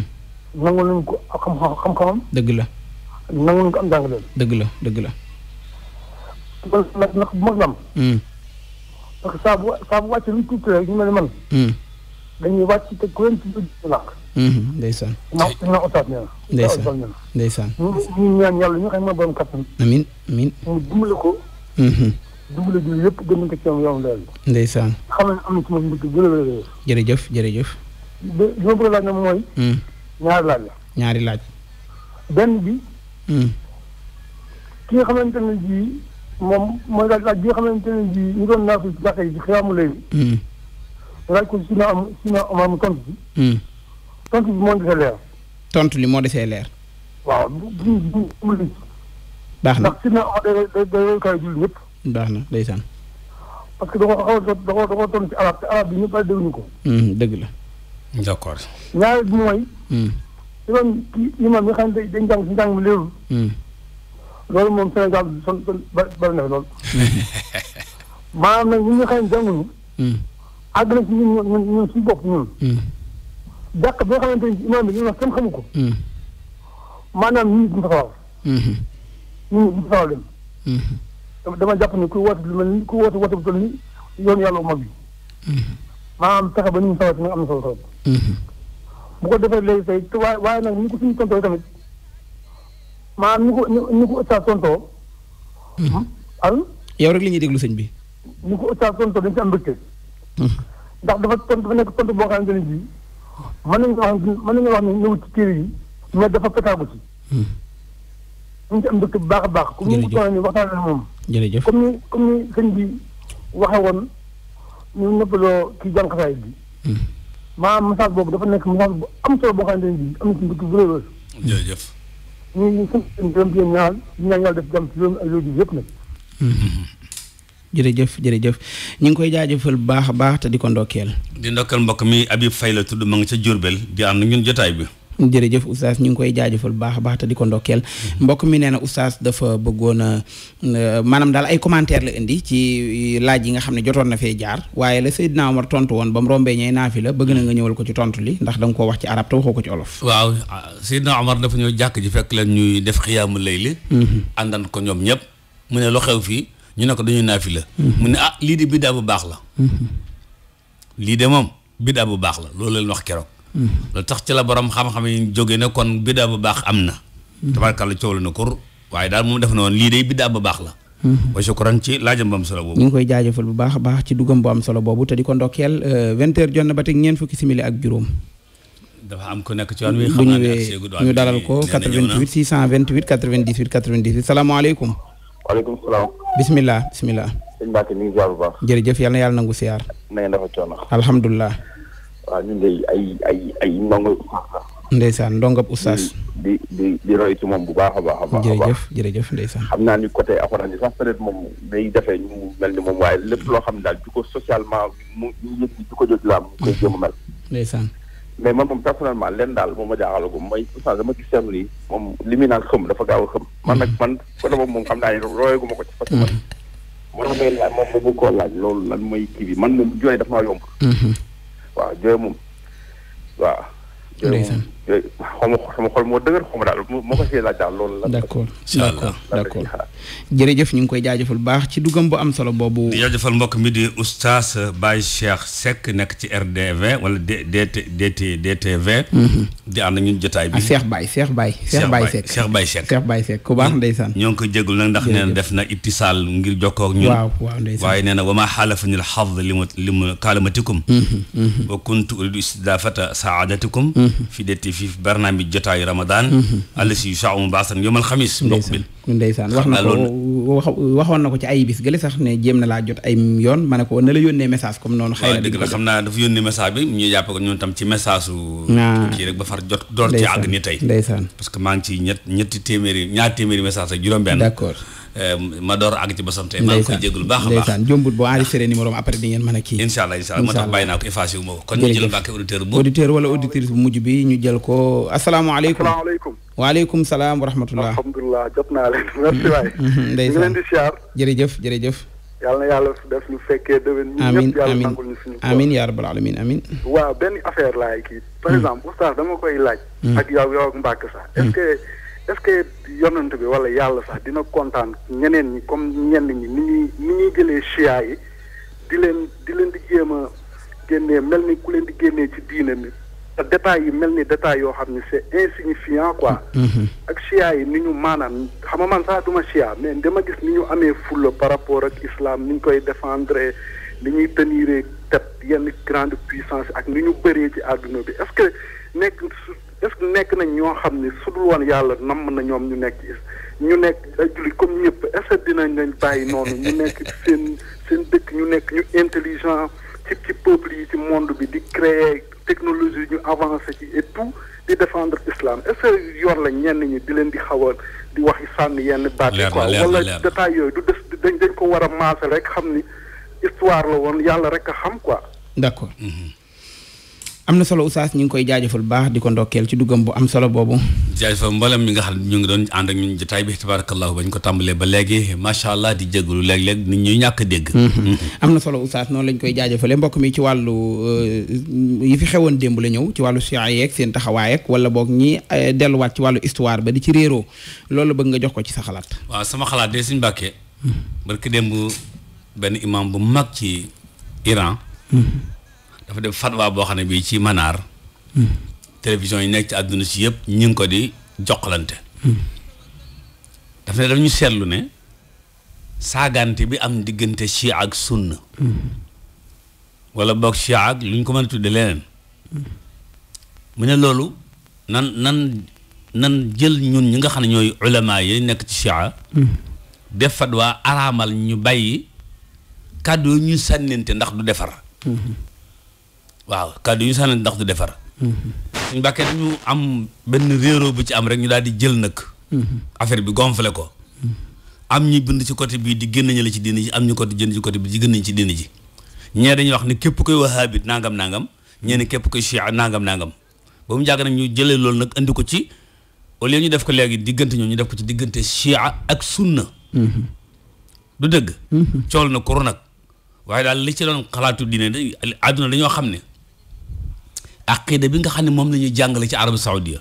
dëgg la. nangu nañ am jàngaleem. dëgg la dëgg la. loolu nag nag bu mag la am. parce que saa bu saa bu wàccee lu tuuti rek ni man. dañuy wàcc te ku leen ci dugg lakk. Mhm, ndeysaan. ndax dina otaat nee na. yàlla ñu xam ne borom kattan. amiin amiin. mu dimbale ko. Mhm. dimbale bi yëpp gën nañ ko ci yow yow Ndeye. ndeysaan. xam nañ am na ci moom mbir mi jërëjëf. jërëjëf jërëjëf. ba li ma bëgg a laaj nag mooy. Mhm. ñaari laaj ñaari laaj. benn bi. ki nga xamante ne ji moom mooy laaj laaj bi nga xamante ne bii ñu doon naaf si jàkka yi ci xiyaamu léegi. laaj ko si am si na am tontu bi. Hmm. tontu bi moo desee leer. tontu li moo desee leer. waaw bu bu bu baax na ndax si na day day que da bi ñëpp daal dégluñu ko. Hmm, dëgg la. d' accord. ñaareel bi mooy. Hmm. imam imam mi nga xam loolu moom Sénégal na lool. maanaam nag ñi nga àgg na ci ñun ñun ñun suñu bopp ñun. Hmm. jàkk bi nga xamante ni imaam bi li wax kenn xamu ko. Hmm. maanaam ñun duñ taxawal. Hmm. ñun duñ taxawal dem. ni ku woote lu mel ni ku woote woote bu toll ni yoonu yàlla mag bi. maanaam fexe ba ni mu sawat nag am na solo trop. bu ko defee léegi tey te waaye waaye nag ni ko suñu tontoo tamit maanaam ni ko ni ko ëttaa tontoo. al yow rek li ñuy déglu sëñ bi. ni ko ëttaa tontoo dañ ndax dafa tontu dafa nekk tontu boo xamante ne bii mën nañu wax mën nañu wax ne ñëwul ci téere yi mais dafa petaagu ci. Hmm. ñu ci am dëkk bu baax a baax. jërëjëf comme ni mu ko waxee nii waxtaan na moom. jërëjëf comme ni comme ni sëñ bi waxee woon ñu nëppaloo ci jànqasaay bi. Hmm. maanaam message boobu dafa nekk message bu am solo boo xamante ne bii am nu ci dëkk bu rëy jërëjëf. ñu ngi sant seen gërëm di leen ñaanal ñaan yàlla def jàmm ci loolu ak yooyu yëpp nag. Hmm. jërëjëf jërëjëf ñu ngi koy jaajëfal bu baax a baax te di ko ndokkeel. di ndokkeel mbokk mi Habib fay la tudd ma nga ca Diourbel di am na ñun jotaay bi. jërëjëf oustaz ñu ngi koy jaajëfal baax a baax te di ko ndokkeel mhm. mbokk mi nee na oustaz dafa bëggoon a euh, maanaam daal ay commentaire la indi ci euh, laaj yi nga xam ne jotoon na fee jaar waaye la Seydina Omar tontu woon ba mu rombee ñee naa fi la bëgg na nga ñëwal ko ci tontu li ndax da nga koo wax ci arab te waxoo ko ci olof waaw ah, Seydina Omar dafa ñëw jàkk ji fekk leen ñuy def xiyaamu layli mhm. àndan ko ñoom ñëpp mu ne lu fii ñu ne ko dañu dañuy naafila mu ne ah lii de biddaa bu baax la lii de moom biddaa bu baax la loolu leen wax keroog mm-hmm. loolu tax ci la borom xam-xam yi jóge ne kon biddaa bu baax am na mm-hmm. tabarkàlla coow la na kur waaye daal moom def na lii de biddaa bu baax la o mm-hmm. shukran ci laajam bu am solo boobu ñu ngi koy jaajëfal bu baax a baax ci duggam bu am solo boobu te di ko ndokkeel euh, vingt heures jot na ba teg ñeent fukki simili ak juróom dafa am ku nekk ci yoon wi xam naa ne ñu dalal ko 88 628 98 98 salaamaaleykum waaleykum salaam bisimilah bisimilah. sëñ Mbacke ñu ngi ziar bu baax. jërëjëf yal na yàlla nangu siyaar. na ngeen dafa coono. alhamdulilah. waaw ñun de ay ay ay ndongo ustaas la. ndongo ustaas. di di di roy ci moom bu baax a baax a baax. jërëjëf jërëjëf ndeysaan. xam naa ni côté Alxuraan sax peut être moom day defee ñu mel ni moom waaye lépp loo xam ne daal du socialement mu ñu yëg di ko jot laa mu koy jéem a mel. ndeysaan. mais man moom personnellement leen daal moom ma jaaxalagum mooy pourtant dama gis seetlu ni moom li muy naan xëm dafa gaaw a xëm. man nag man côté boobu moom xam naa ne royeeguma ko ci. parce que man moo tax may laaj moom ma bëgg koo laaj loolu lan mooy kii bi man moom jooy dafa maa yomb. Mhm. waaw jooy moom waaw. jooy moom xaw ma sama xol moo dëgër xaw ma daal moo ko siy laaj ñu ngi koy jaajëfal baax ci duggam bu am solo boobu. di jaajëfal mbokk mi di oustaz Baye Cheikh Seck nekk ci RDV wala DT de DTV. Mhm. di ànd ñun jotaay bi. ah Cheikh Baye Cheikh Baye. Cheikh Baye Seck Cheikh Baye Seck Cheikh Baye Seck ku baax ndeysaan. ñoo ngi koy jégalu nag ndax nee def na ittisaal ngir jokkoo ak ñun. waaw waaw ndeysaan waaye nee na wa maa xaalafani al xad li li mu kaalamatikum. Mhm, mhm. wa kuntu uridu istidaafata saadatikum fi DT xaddi fii barnaamij jotaayu Ramadan. àll mhm. si saamu baasan yomal xamis. ndeysaan ndeysaan wax na ko wax waxoon na ko na laa jot ay ma ne ko na la yónnee message comme noonu. xay na dëgg la xam naa dafa yónnee message bi ñu jàpp ko ñun tam ci message su. Ah. kii rek ba far jot door ci àgg ni tey. parce que maa ngi ci ñett ñetti téeméeri ñaar téeméeri message ak juróom-benn. d'accord. Euh, ma door a àgg ci bosam tey maa ngi a baax di ngeen mën a kii incha allah incha allah moo tax bàyyi naa ko effacé wu ma ko kon ñu jël mbàkke auditeur bu auditeur wala auditrice bu mujj bi ñu jël ko asalaamaaleykum asalaamaaleykum waaleykum salaam wa jot naa leen merci waay ndeysaan leen di siyaar jërëjëf jërëjëf yàlla na yàlla def ñu fekkee déwén ñu ñëpp yàlla nangul ñu suñu amin yaa rabbal alamin amin waaw benn affaire laay kii par hmm. exemple oustaz dama koy laaj hmm. ak yow yow ak Mbàkke sax est-ce que yonent bi wala yàlla sax dina kontaan ñeneen ñi comme ñenn ñi ni ñuy ni ñuy jëlee chia yi di leen di leen di jéem a génnee mel ni ku leen di génnee ci diine mi te détails yi mel ni détails yoo xam ne c'est insignifiant quoi. Mm-hmm. ak chia yi ni ñu maanaam xam nga man sax duma chia mais dama gis ni ñu amee fulla par rapport ak islam ni ñu koy défendre ni ñuy tenir tête yenn grande puissance ak ni ñu bëree ci àdduna bi est-ce que nekk est nekk nañ ñoo xam ni su dul woon yàlla namm na ñoom ñu nekk ñu nekk ay jullit comme ñëpp est dinañ lañ bàyyi noonu ñu nekk seen seen dëkk ñu nekk ñu intelligent ci ci peuple yi ci monde bi di créer technologie ñu avancé ci et tout di defendre islam est yoon la ñenn ñi di leen di xawal di wax yi sànn yenn baat yi quoi wala détail yooyu du des dañ dañ ko war a maase rek xam ni histoire la woon yàlla rek a xam quoi d'accord mhm. am na solo Oustaz ñu ngi koy jaajëfal baax di ko ndokkeel ci duggam bu am solo boobu jaajëfal mboolem mi nga xam ñu ngi doon ànd ak ñun jotaay bi tabarakallahu bañ ko tàmbalee ba léegi macha allah di jégalu léeg-léeg nit ñuy ñàkk dégg mhm. am na solo Oustaz noonu lañ koy jaajëfale mbokk mi ci wàllu euh, yi fi xewoon démb la ñëw ci wàllu siyaa yeeg seen taxawaay ak wala boog ñi euh, delluwaat ci wàllu histoire ba di ci réeroo loolu bëgg nga jox ko ci sa xalaat waaw sama xalaat de suñ bàkkee mhm. barki démb benn imam bu mag ci Iran mhm. dafa def fatwa boo xam ne bii ci manaar hmm. télévision yi nekk ci àdduna si yëpp ñu ngi ko di joxlante hmm. dafa ne ñu seetlu ne saagante bi am diggante chia ak sunna hmm. wala boog chia ak lu ñu ko mën a tudde leneen mu ne loolu nan nan nan jël ñun ñi nga xam ne ñooy ulama yi nekk ci chia def fatwa araamal ñu bàyyi kàddu ñu sànnente ndax du defar waaw kàddu yu sànni ndax du defar. suñu mbàkkee dañu am benn réeróo bu ci am rek ñu daal di jël nag. affaire bi gonflé ko. am ñi bind ci côté bii di génn ña la ci diin ji am ñu côté jënd ci côté bi di gën nañ ci diin ji ñee dañuy wax ne képp koy wahabit nangam nangam ñee ne képp koy chia nangam nangam ba mu jàgg nag ñu jëlee loolu nag indi ko ci au ñu def ko léegi diggante ñoom ñu def ko ci diggante chia ak sunna. du dëgg. Mm-hmm. cool na kuru nag waaye daal li ci doon xalaatu diine àdduna dañoo xam ne. aqida bi nga xam ne moom lañuy jàngale ci arabu saoudia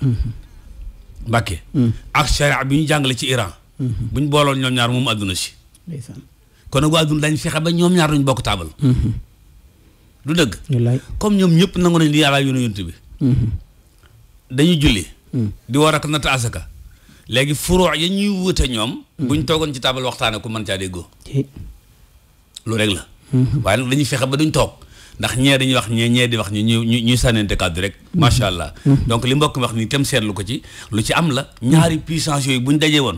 mbàkke mm-hmm. ak sharia bi ñu jàngale ci iran mm-hmm. buñ booloon ñoom ñaar moom àdduna si kon nag waa àdduna dañ fexe ba ñoom ñaar duñ bokk taabal lu mm-hmm. dëgg comme ñoom ñëpp nangu nañ li yàlla yónni yónent bi dañuy julli mm. di war ak natt asaka léegi furoo ya ñuy wute ñoom mm. buñ toogoon ci taabal waxtaane ku mën caa déggoo lu rek la waaye dañuy fexe ba duñ toog ndax ñee dañuy wax ñee ñee di wax ñu ñu ñuy sànnante kàddu rek macha allah mm-hmm. donc li mbokk wax ni tam seetlu ko ci lu ci am la ñaari mm-hmm. puissance yooyu buñ dajee woon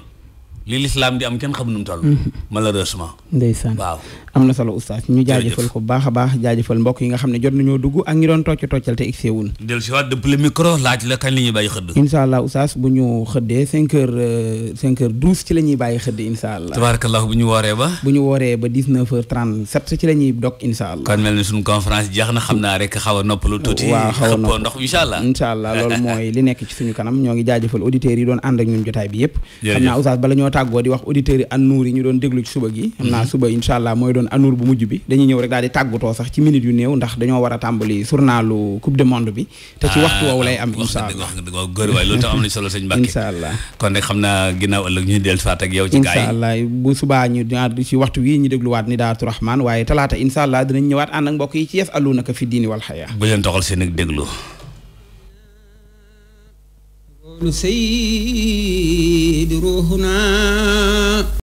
li lislaam di am kenn xam nu mu toll. Mhm. malheureusement. ndeysaan waaw am na solo oustaz ñu jaajëfal ko baax a baax jaajëfal mbokk yi nga xam ne jot nañoo dugg ak ñi doon tocc toccal te egsi wuñ. dellusiwaat dëpp le micro laaj la kañ la bàyyi xëdd. incha allah oustaz bu ñu xëddee 5 heures 5 euh, ci la bàyyi xëdd incha allah. tabaarakallah bu ñu wooree ba. bu ñu wooree ba 19 heures 37 ci la ñuy dog allah. kon mel na suñu conférence jeex na a noppalu tuuti. waaw xaw a noppalu ndox incha allah. incha allah loolu mooy li nekk ci suñu yi doon tàggoo di wax auditeurs yi annuur yi ñu doon déglu ci suba gi xam naa suba incha allah mooy doon annuur bu mujj bi dañuy ñëw rek daal di tàggatoo sax ci minute yu néew ndax dañoo war a am ah, incha allah wax nga dëgg waaw góor waay loolu tam am na solo sëñ Mbacke incha allah kon rek xam naa ginnaaw ëllëg ñu dellu faat ak yow ci gaay incha allah bu waxtu wi ñu dégluwaat ni daa daatu rahman waaye talaata incha allah dinañ ñëwaat ànd ak mbokk yi ci yes alunaka fi diini wal قول سيد روحنا